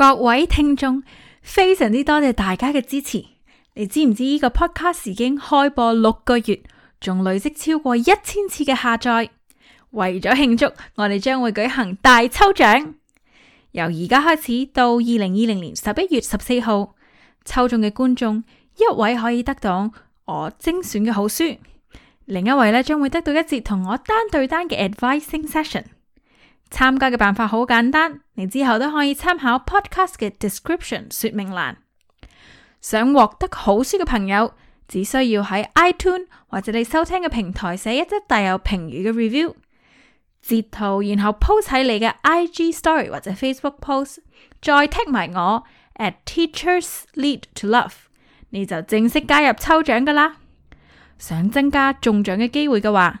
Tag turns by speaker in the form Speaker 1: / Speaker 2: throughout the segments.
Speaker 1: 各位聽眾，非常之多謝大家嘅支持。你知唔知呢個 podcast 已經開播六個月，仲累積超過一千次嘅下載？為咗慶祝，我哋將會舉行大抽獎。由而家開始到二零二零年十一月十四號，抽中嘅觀眾一位可以得到我精選嘅好書，另一位咧，將會得到一節同我單對單嘅 advising session。參加嘅辦法好簡單，你之後都可以參考 podcast 嘅 description 說明欄。想獲得好書嘅朋友，只需要喺 iTunes 或者你收聽嘅平台寫一則帶有評語嘅 review 截圖，然後 post 喺你嘅 IG story 或者 Facebook post，再 tag 埋我 at teachers lead to love，你就正式加入抽獎噶啦。想增加中獎嘅機會嘅話，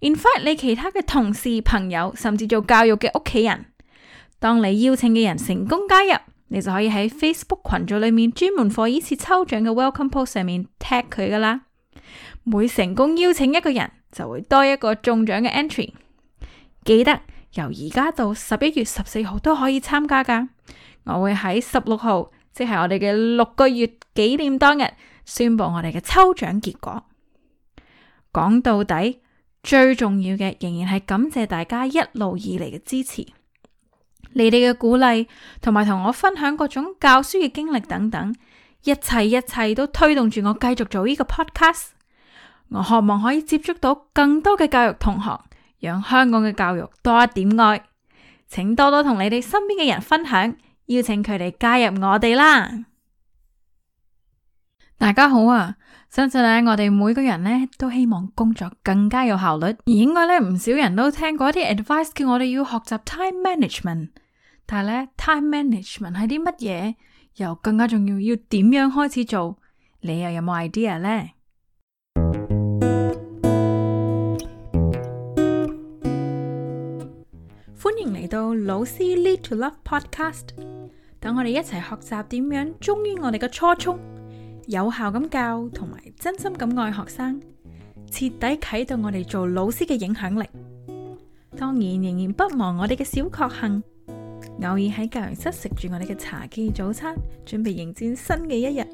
Speaker 1: In fact，你其他嘅同事、朋友，甚至做教育嘅屋企人，當你邀請嘅人成功加入，你就可以喺 Facebook 群組裏面專門放呢次抽獎嘅 Welcome Post 上面 tag 佢噶啦。每成功邀請一個人，就會多一個中獎嘅 entry。記得由而家到十一月十四號都可以參加噶。我會喺十六號，即係我哋嘅六個月紀念當日，宣布我哋嘅抽獎結果。講到底，最重要嘅仍然係感謝大家一路以嚟嘅支持，你哋嘅鼓勵同埋同我分享各種教書嘅經歷等等，一切一切都推動住我繼續做呢個 podcast。我渴望可以接觸到更多嘅教育同學，讓香港嘅教育多一點愛，請多多同你哋身邊嘅人分享，邀請佢哋加入我哋啦。大家好啊！相信咧，我哋每個人咧都希望工作更加有效率。而應該咧，唔少人都聽過一啲 advice 叫我哋要學習 time management。但係咧，time management 係啲乜嘢？又更加重要，要點樣開始做？你又有冇 idea 呢？歡迎嚟到老師 Lead to Love Podcast，等我哋一齊學習點樣忠於我哋嘅初衷。有效咁教同埋真心咁愛學生，徹底啟動我哋做老師嘅影響力。當然仍然不忘我哋嘅小確幸，偶爾喺教研室食住我哋嘅茶記早餐，準備迎戰新嘅一日。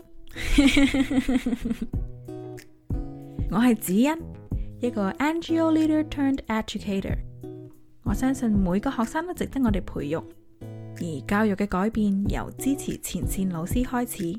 Speaker 1: 我係子欣，一個 NGO Leader turned Educator。Turn ed educ 我相信每個學生都值得我哋培育，而教育嘅改變由支持前線老師開始。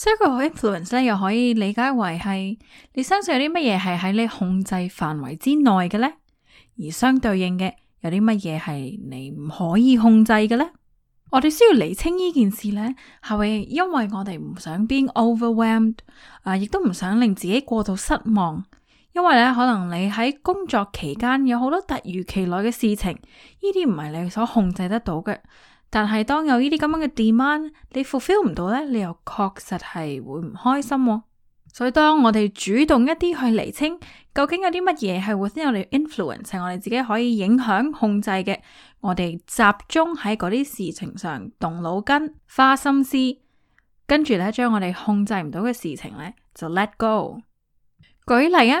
Speaker 1: 所以佢 Circle of influence 咧又可以理解為係你身上有啲乜嘢係喺你控制範圍之內嘅呢，而相對應嘅有啲乜嘢係你唔可以控制嘅呢？我哋需要厘清呢件事呢，係咪因為我哋唔想 being overwhelmed 啊，亦都唔想令自己過度失望？因為咧，可能你喺工作期間有好多突如其來嘅事情，呢啲唔係你所控制得到嘅。但係當有呢啲咁樣嘅 demand，你 fulfill 唔到呢，你又確實係會唔開心喎。所以當我哋主動一啲去厘清，究竟有啲乜嘢係 within our influence，係我哋自己可以影響控制嘅，我哋集中喺嗰啲事情上動腦筋、花心思，跟住咧將我哋控制唔到嘅事情呢，就 let go。舉例啊。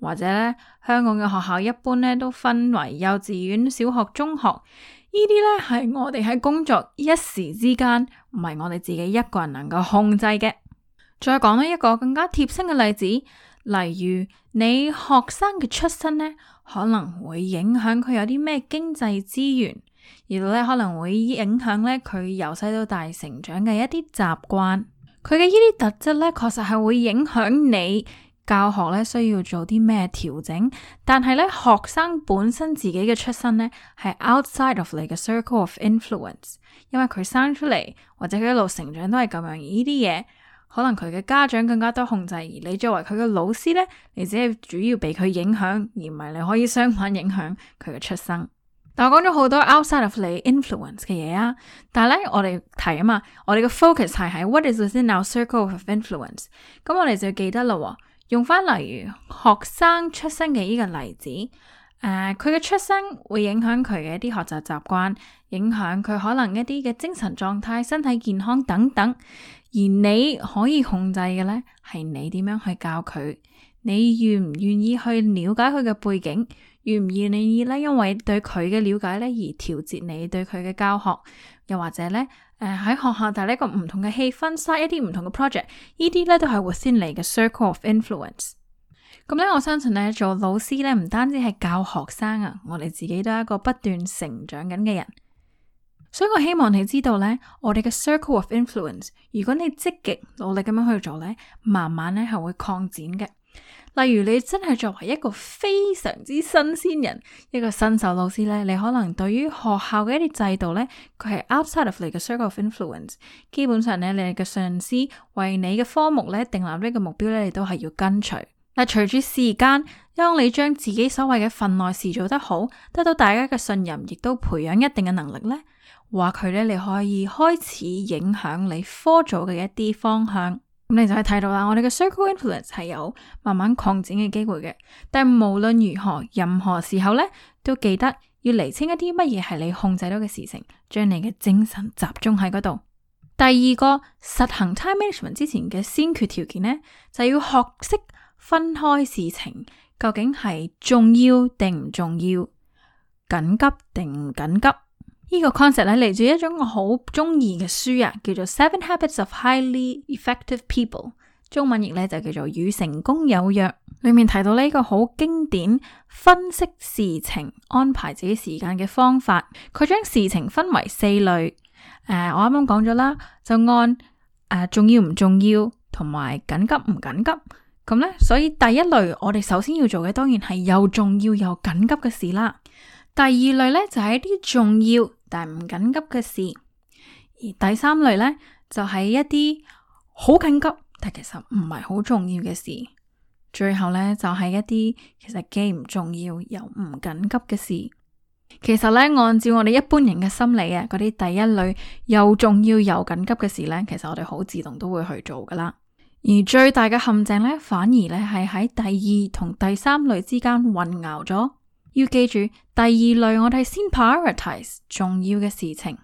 Speaker 1: 或者咧，香港嘅學校一般咧都分為幼稚園、小學、中學。呢啲咧係我哋喺工作一時之間，唔係我哋自己一個人能夠控制嘅。再講一個更加貼身嘅例子，例如你學生嘅出身咧，可能會影響佢有啲咩經濟資源，而咧可能會影響咧佢由細到大成長嘅一啲習慣。佢嘅呢啲特質咧，確實係會影響你。教學咧需要做啲咩調整，但係咧學生本身自己嘅出身咧係 outside of 你嘅 circle of influence，因為佢生出嚟或者佢一路成長都係咁樣。依啲嘢可能佢嘅家長更加多控制，而你作為佢嘅老師咧，你只係主要被佢影響，而唔係你可以相反影響佢嘅出生。但我講咗好多 outside of 你 influence 嘅嘢啊，但係咧我哋提啊嘛，我哋嘅 focus 係喺 what is within our circle of influence，咁我哋就要記得啦。用翻例如學生出生嘅呢個例子，誒、呃，佢嘅出生會影響佢嘅一啲學習習慣，影響佢可能一啲嘅精神狀態、身體健康等等。而你可以控制嘅呢，係你點樣去教佢，你願唔願意去了解佢嘅背景。願唔願意咧，因為對佢嘅了解咧而調節你對佢嘅教學，又或者咧，誒、呃、喺學校帶呢個唔同嘅氣氛，set 一啲唔同嘅 project，呢啲咧都係 within 你嘅 circle of influence。咁咧，我相信咧做老師咧唔單止係教學生啊，我哋自己都係一個不斷成長緊嘅人。所以我希望你知道咧，我哋嘅 circle of influence，如果你積極努力咁樣去做咧，慢慢咧係會擴展嘅。例如你真係作為一個非常之新鮮人，一個新手老師咧，你可能對於學校嘅一啲制度咧，佢係 outside of 你嘅 circle of influence。基本上咧，你嘅上司為你嘅科目咧定立呢個目標咧，你都係要跟隨。嗱，隨住時間，當你將自己所謂嘅份內事做得好，得到大家嘅信任，亦都培養一定嘅能力咧，話佢咧你可以開始影響你科組嘅一啲方向。咁你就可以睇到啦，我哋嘅 circle influence 係有慢慢擴展嘅機會嘅，但係無論如何，任何時候呢，都記得要釐清一啲乜嘢係你控制到嘅事情，將你嘅精神集中喺嗰度。第二個實行 time management 之前嘅先決條件呢，就要學識分開事情究竟係重要定唔重要，緊急定唔緊急。個概念呢個 concept 咧嚟自一種我好中意嘅書啊，叫做《Seven Habits of Highly Effective People》，中文譯咧就叫做《與成功有約》。裏面提到呢一個好經典分析事情、安排自己時間嘅方法。佢將事情分為四類，誒、呃，我啱啱講咗啦，就按誒、呃、重要唔重要同埋緊急唔緊急。咁咧，所以第一類我哋首先要做嘅，當然係又重要又緊急嘅事啦。第二類咧就係、是、一啲重要，.但唔緊急嘅事，而第三類呢，就係一啲好緊急但其實唔係好重要嘅事。最後呢，就係一啲其實既唔重要又唔緊急嘅事。其實呢，按照我哋一般人嘅心理啊，嗰啲第一類又重要又緊急嘅事呢，其實我哋好自動都會去做噶啦。而最大嘅陷阱呢，反而呢，係喺第二同第三類之間混淆咗。要記住，第二類我哋先 prioritize 重要嘅事情，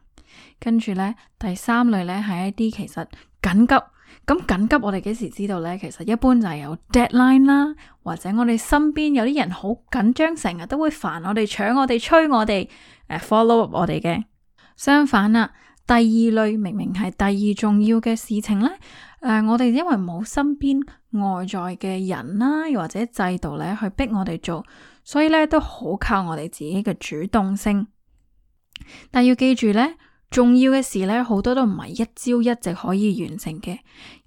Speaker 1: 跟住呢，第三類呢係一啲其實緊急。咁、嗯、緊急我哋幾時知道呢？其實一般就係有 deadline 啦，或者我哋身邊有啲人好緊張，成日都會煩我哋，搶我哋，催我哋，呃、follow up 我哋嘅。相反啦，第二類明明係第二重要嘅事情呢，誒、呃、我哋因為冇身邊外在嘅人啦，又或者制度呢去逼我哋做。所以咧都好靠我哋自己嘅主動性，但要記住呢，重要嘅事呢，好多都唔係一朝一夕可以完成嘅，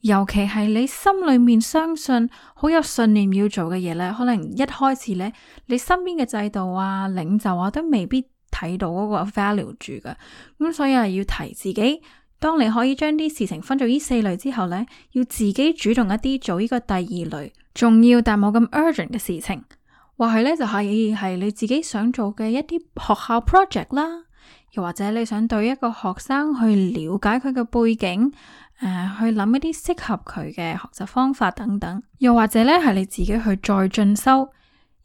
Speaker 1: 尤其係你心裏面相信好有信念要做嘅嘢呢，可能一開始呢，你身邊嘅制度啊、領袖啊，都未必睇到嗰個 value 住嘅，咁所以係要提自己，當你可以將啲事情分做呢四類之後呢，要自己主動一啲做呢個第二類重要但冇咁 urgent 嘅事情。或係咧就係、是、係你自己想做嘅一啲學校 project 啦，又或者你想對一個學生去了解佢嘅背景，誒、呃，去諗一啲適合佢嘅學習方法等等，又或者咧係你自己去再進修。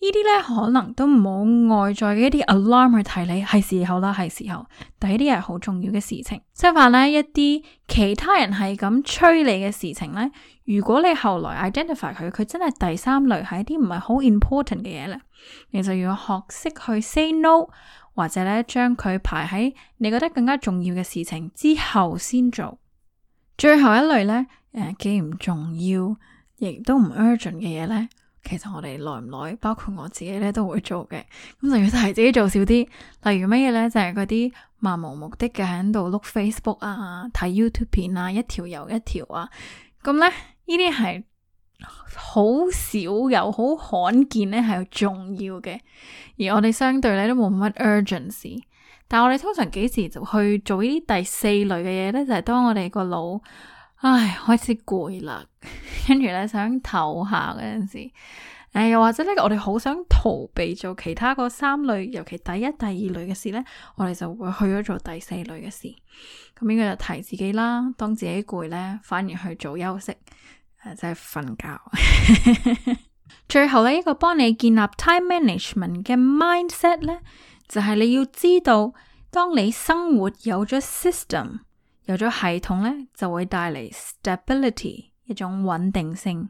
Speaker 1: 呢啲咧可能都冇外在嘅一啲 alarm 去提你係時候啦，係時候。第一啲係好重要嘅事情。即係話咧，一啲其他人係咁催你嘅事情咧，如果你後來 identify 佢，佢真係第三類係一啲唔係好 important 嘅嘢啦，你就要學識去 say no，或者咧將佢排喺你覺得更加重要嘅事情之後先做。最後一類咧，誒、呃、既唔重要亦都唔 urgent 嘅嘢咧。其實我哋耐唔耐，包括我自己咧都會做嘅。咁就要提自己做少啲，例如乜嘢咧，就係嗰啲漫無目的嘅喺度碌 Facebook 啊，睇 YouTube 片啊，一條又一條啊。咁咧，呢啲係好少有，好罕見咧，係重要嘅。而我哋相對咧都冇乜 urgency。但係我哋通常幾時就去做呢啲第四類嘅嘢咧，就係當我哋個腦。唉，開始攰啦，跟住咧想唞下嗰陣時，唉、哎、又或者呢個我哋好想逃避做其他嗰三類，尤其第一、第二類嘅事咧，我哋就會去咗做第四類嘅事。咁、嗯、呢、這個就提自己啦，當自己攰咧，反而去做休息，誒即係瞓覺。 最後咧一個幫你建立 time management 嘅 mindset 咧，就係、是、你要知道，當你生活有咗 system。有咗系統呢，就會帶嚟 stability，一種穩定性。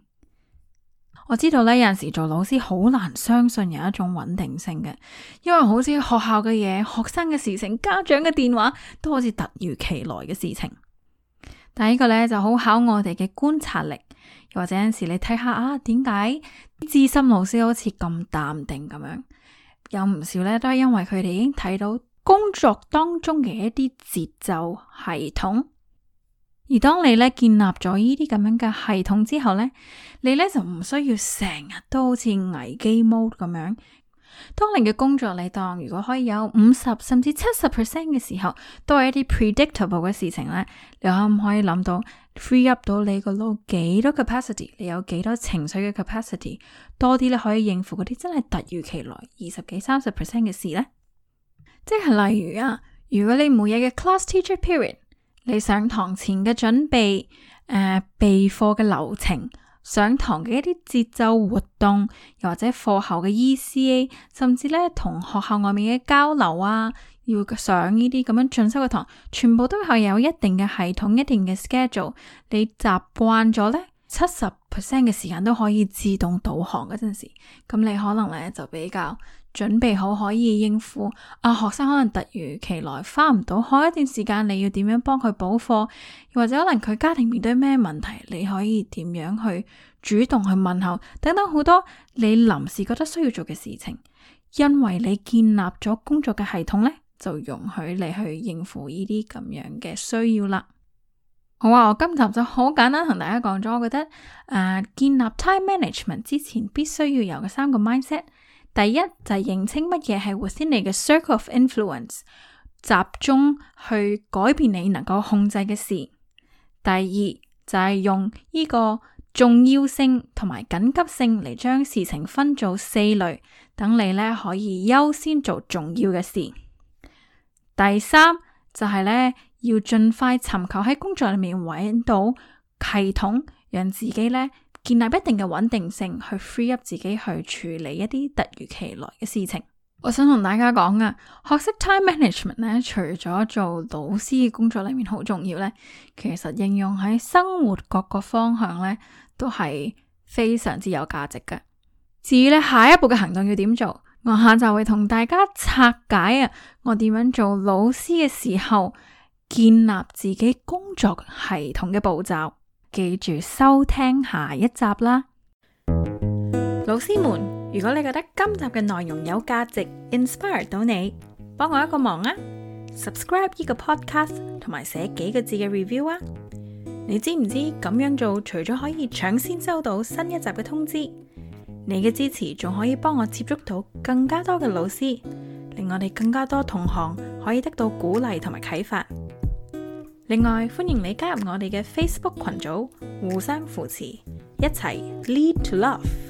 Speaker 1: 我知道呢，有陣時做老師好難相信有一種穩定性嘅，因為好似學校嘅嘢、學生嘅事情、家長嘅電話，都好似突如其來嘅事情。但係呢個呢，就好考我哋嘅觀察力，又或者有陣時你睇下啊，點解啲資深老師好似咁淡定咁樣？有唔少呢，都係因為佢哋已經睇到。工作當中嘅一啲節奏系統，而當你咧建立咗呢啲咁樣嘅系統之後呢，你咧就唔需要成日都好似危機 mode 咁樣。當你嘅工作你當如果可以有五十甚至七十 percent 嘅時候，都係一啲 predictable 嘅事情呢，你可唔可以諗到 free up 到你個腦幾多 capacity？你有幾多情緒嘅 capacity？多啲咧可以應付嗰啲真係突如其來二十幾三十 percent 嘅事呢？即係例如啊，如果你每日嘅 class teacher period，你上堂前嘅準備，誒、呃、備課嘅流程，上堂嘅一啲節奏活動，又或者課後嘅 ECA，甚至咧同學校外面嘅交流啊，要上呢啲咁樣進修嘅堂，全部都係有一定嘅系統、一定嘅 schedule，你習慣咗咧，七十 percent 嘅時間都可以自動導航嗰陣時，咁你可能咧就比較。準備好可以應付啊！學生可能突如其來翻唔到學，一段時間你要點樣幫佢補課？又或者可能佢家庭面對咩問題，你可以點樣去主動去問候等等，好多你臨時覺得需要做嘅事情，因為你建立咗工作嘅系統呢，就容許你去應付呢啲咁樣嘅需要啦。好啊，我今集就好簡單同大家講咗，我覺得啊，建立 time management 之前必須要有嘅三個 mindset。第一就係認清乜嘢係 within 你嘅 circle of influence，集中去改變你能夠控制嘅事。第二就係用呢個重要性同埋緊急性嚟將事情分做四類，等你咧可以優先做重要嘅事。第三就係咧要盡快尋求喺工作裏面揾到系統，讓自己咧。建立一定嘅穩定性，去 free up 自己去處理一啲突如其來嘅事情。我想同大家講啊，學識 time management 咧，除咗做老師嘅工作裏面好重要咧，其實應用喺生活各個方向咧，都係非常之有價值嘅。至於咧，下一步嘅行動要點做，我下晝會同大家拆解啊，我點樣做老師嘅時候建立自己工作系統嘅步驟。記住收聽下一集啦！老師們，如果你覺得今集嘅內容有價值，inspire 到你，幫我一個忙啊！subscribe 呢個 podcast，同埋寫幾個字嘅 review 啊！你知唔知咁樣做，除咗可以搶先收到新一集嘅通知，你嘅支持仲可以幫我接觸到更加多嘅老師，令我哋更加多同行可以得到鼓勵同埋啟發。另外，歡迎你加入我哋嘅 Facebook 群組，互相扶持，一齊 Lead To Love。